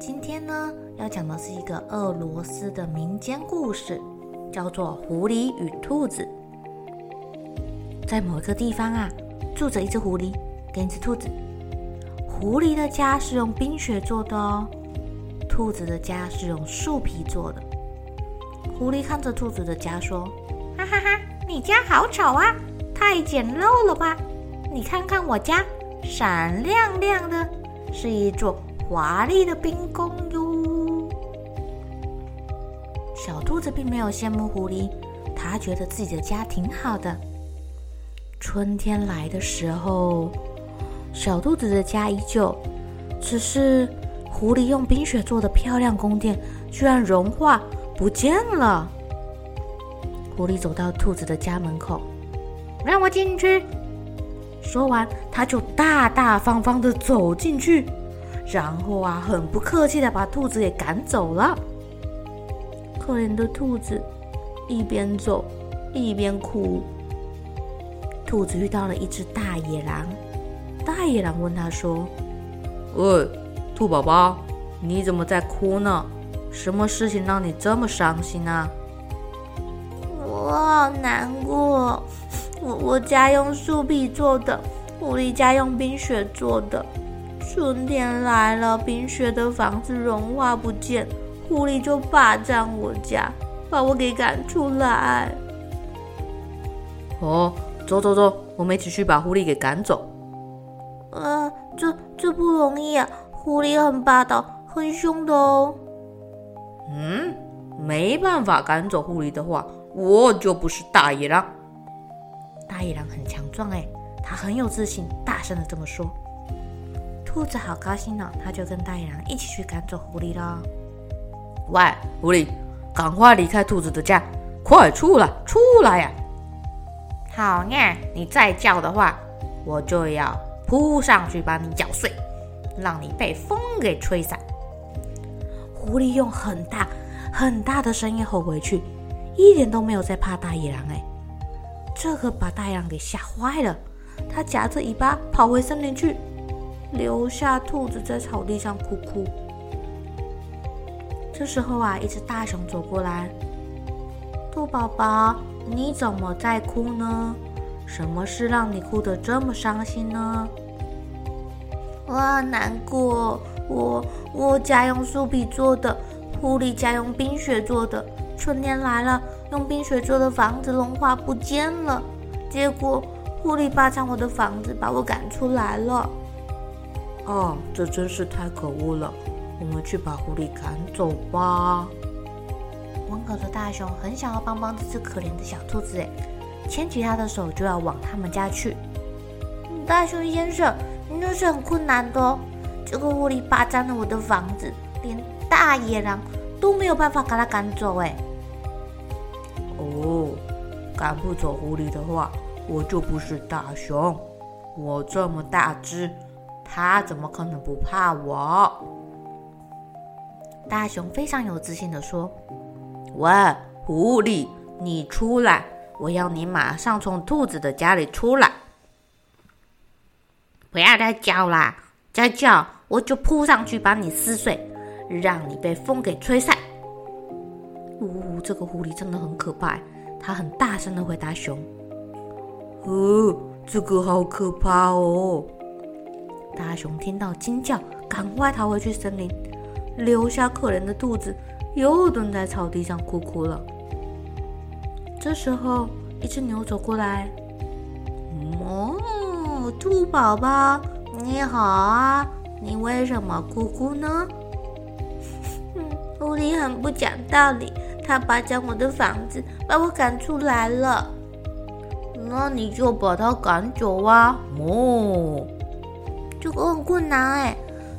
今天呢，要講的是一個俄羅斯的民間故事，叫做《狐狸與兔子》。在某一個地方啊，住着一只狐狸跟一只兔子。狐狸的家是用冰雪做的哦，兔子的家是用樹皮做的。狐狸看着兔子的家說：“哈哈哈哈，你家好醜啊，太簡陋了吧？你看看我家，閃亮亮的，是一座。”華麗的冰宮喲！小兔子並沒有羨慕狐狸，它覺得自己的家挺好的。春天來的時候，小兔子的家依舊，只是狐狸用冰雪做的漂亮宮殿居然融化不見了。狐狸走到兔子的家門口，讓我進去。說完，它就大大方方地走進去。然後啊，很不客氣的把兔子給趕走了。可憐的兔子一邊走一邊哭。兔子遇到了一只大野狼，大野狼問他說：“喂，兔寶寶，你怎麼在哭呢？什麼事情讓你這麼傷心啊？”我好難過，我我家用樹皮做的，狐狸家用冰雪做的。春天來了，冰雪的房子融化不見，狐狸就霸占我家，把我給趕出來。哦，走走走，我們一起去把狐狸給趕走。啊、呃，這這不容易，啊，狐狸很霸道，很凶的哦。嗯，沒辦法趕走狐狸的話，我就不是大野狼。大野狼很強壯哎、欸，他很有自信，大聲地這麼說。兔子好高興呢、哦，他就跟大野狼一起去趕走狐狸了。喂，狐狸，趕快離開兔子的家，快出來，出來呀、啊！討厭啊，你再叫的話，我就要撲上去把你咬碎，讓你被風給吹散。狐狸用很大很大的聲音吼回去，一點都沒有在怕大野狼哎。這可把大野狼給嚇壞了，他夾着尾巴跑回森林去。留下兔子在草地上哭哭。這時候啊，一只大熊走過來：“兔寶寶，你怎麼在哭呢？什麼事讓你哭得這麼傷心呢？”“我好難過，我我家用樹皮做的，狐狸家用冰雪做的，春天來了，用冰雪做的房子融化不見了，結果狐狸霸占我的房子，把我趕出來了。”啊、哦，這真是太可惡了！我們去把狐狸趕走吧。門口的大熊很想要幫幫這隻可憐的小兔子，哎，牽起他的手就要往他們家去。大熊先生，你這是很困難的。哦。這個狐狸霸佔了我的房子，連大野狼都沒有辦法把它趕走，哎。哦，趕不走狐狸的話，我就不是大熊。我這麼大隻。他怎麼可能不怕我？大熊非常有自信地說：“喂，狐狸，你出來！我要你馬上從兔子的家裡出來！不要再叫啦，再叫我就撲上去把你撕碎，讓你被風給吹散。”哦，嗚，這個狐狸真的很可怕。它很大聲地回答熊：“哦、呃，這個好可怕哦。”大熊聽到驚叫，趕快逃回去森林，留下可憐的兔子，又蹲在草地上哭哭了。這時候，一隻牛走過來：“哦，兔寶寶，你好啊，你為什麼哭哭呢？”“狐狸 很不講道理，他霸佔我的房子，把我趕出來了。”“那你就把他趕走啊！”“哦。”這個很困難哎，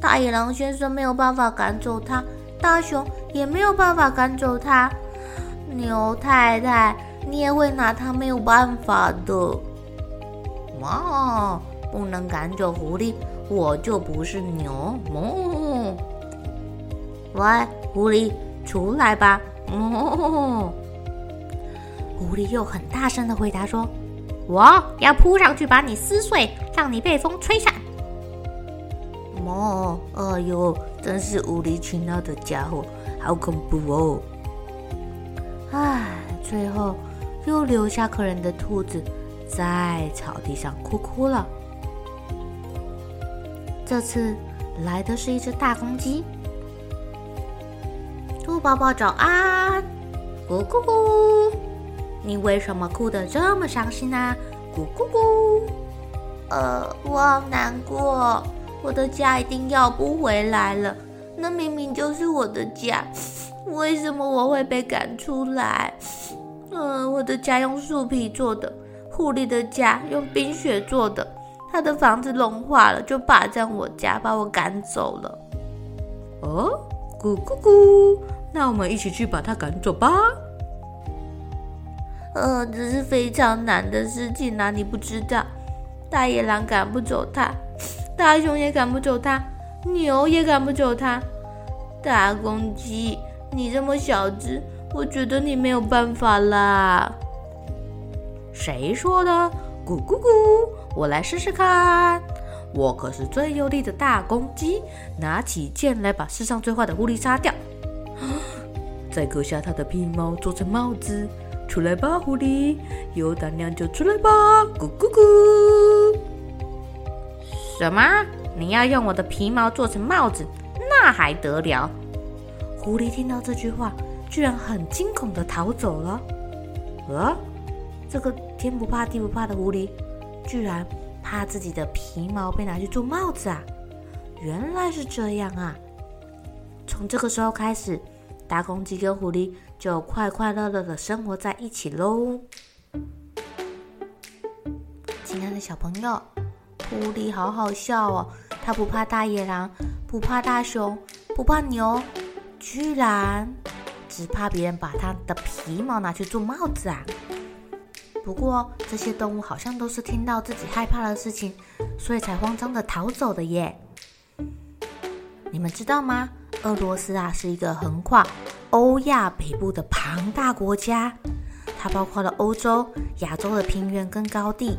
大野狼先生沒有辦法趕走他，大熊也沒有辦法趕走他，牛太太你也會拿他沒有辦法的。哇，不能趕走狐狸，我就不是牛哞。喂，狐狸出來吧，哞。狐狸又很大聲的回答說：“我要撲上去把你撕碎，讓你被風吹散。”麼，哎、哦、呃、呦，真是無理取鬧的傢伙，好恐怖哦！唉，最後又留下可憐的兔子在草地上哭哭了。這次來的是一隻大公雞。兔寶寶早安，咕咕咕，你為什麼哭得這麼傷心呢、啊？咕咕咕，呃，我好難過。我的家一定要不回來了，那明明就是我的家，為什麼我會被趕出來？呃，我的家用樹皮做的，狐狸的家用冰雪做的，他的房子融化了，就霸占我家，把我趕走了。哦，咕咕咕，那我們一起去把他趕走吧。呃，這是非常難的事情啊，你不知道，大野狼趕不走他。大熊也趕不走它牛也趕不走它。大公雞，你這麼小只，我覺得你沒有辦法啦。誰說的？咕咕咕，我來試試看。我可是最有力的大公雞，拿起劍來把世上最壞的狐狸殺掉，再割下它的皮毛做成帽子。出來吧，狐狸，有膽量就出來吧。咕咕咕。什麼？你要用我的皮毛做成帽子？那還得了！狐狸聽到這句話，居然很驚恐地逃走了。呃、啊，這個天不怕地不怕的狐狸，居然怕自己的皮毛被拿去做帽子啊！原來是這樣啊！從這個時候開始，大公雞跟狐狸就快快樂樂地生活在一起嘍。親愛的小朋友，狐狸好好笑哦，它不怕大野狼，不怕大熊，不怕牛，居然只怕別人把它的皮毛拿去做帽子啊！不過這些動物好像都是聽到自己害怕的事情，所以才慌張地逃走的耶。你們知道嗎？俄羅斯啊，是一個橫跨歐亞北部的龐大國家，它包括了歐洲、亞洲的平原跟高地。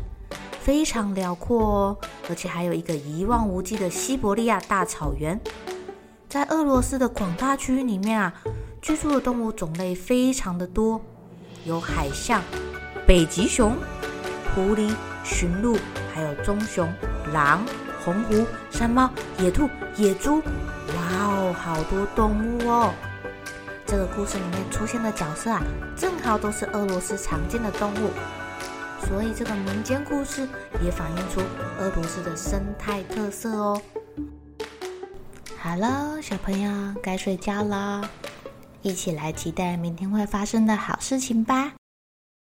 非常遼闊哦，而且還有一個一望無際的西伯利亞大草原。在俄羅斯的廣大區域裡面啊，居住的動物種類非常的多，有海象、北極熊、狐狸、馴鹿，還有棕熊、狼、紅狐、山貓、野兔、野豬。哇哦，好多動物哦。這個故事裡面出現的角色啊，正好都是俄羅斯常見的動物。所以這個民間故事也反映出俄羅斯的生態特色哦。好了，小朋友該睡覺了，一起來期待明天會發生的好事情吧。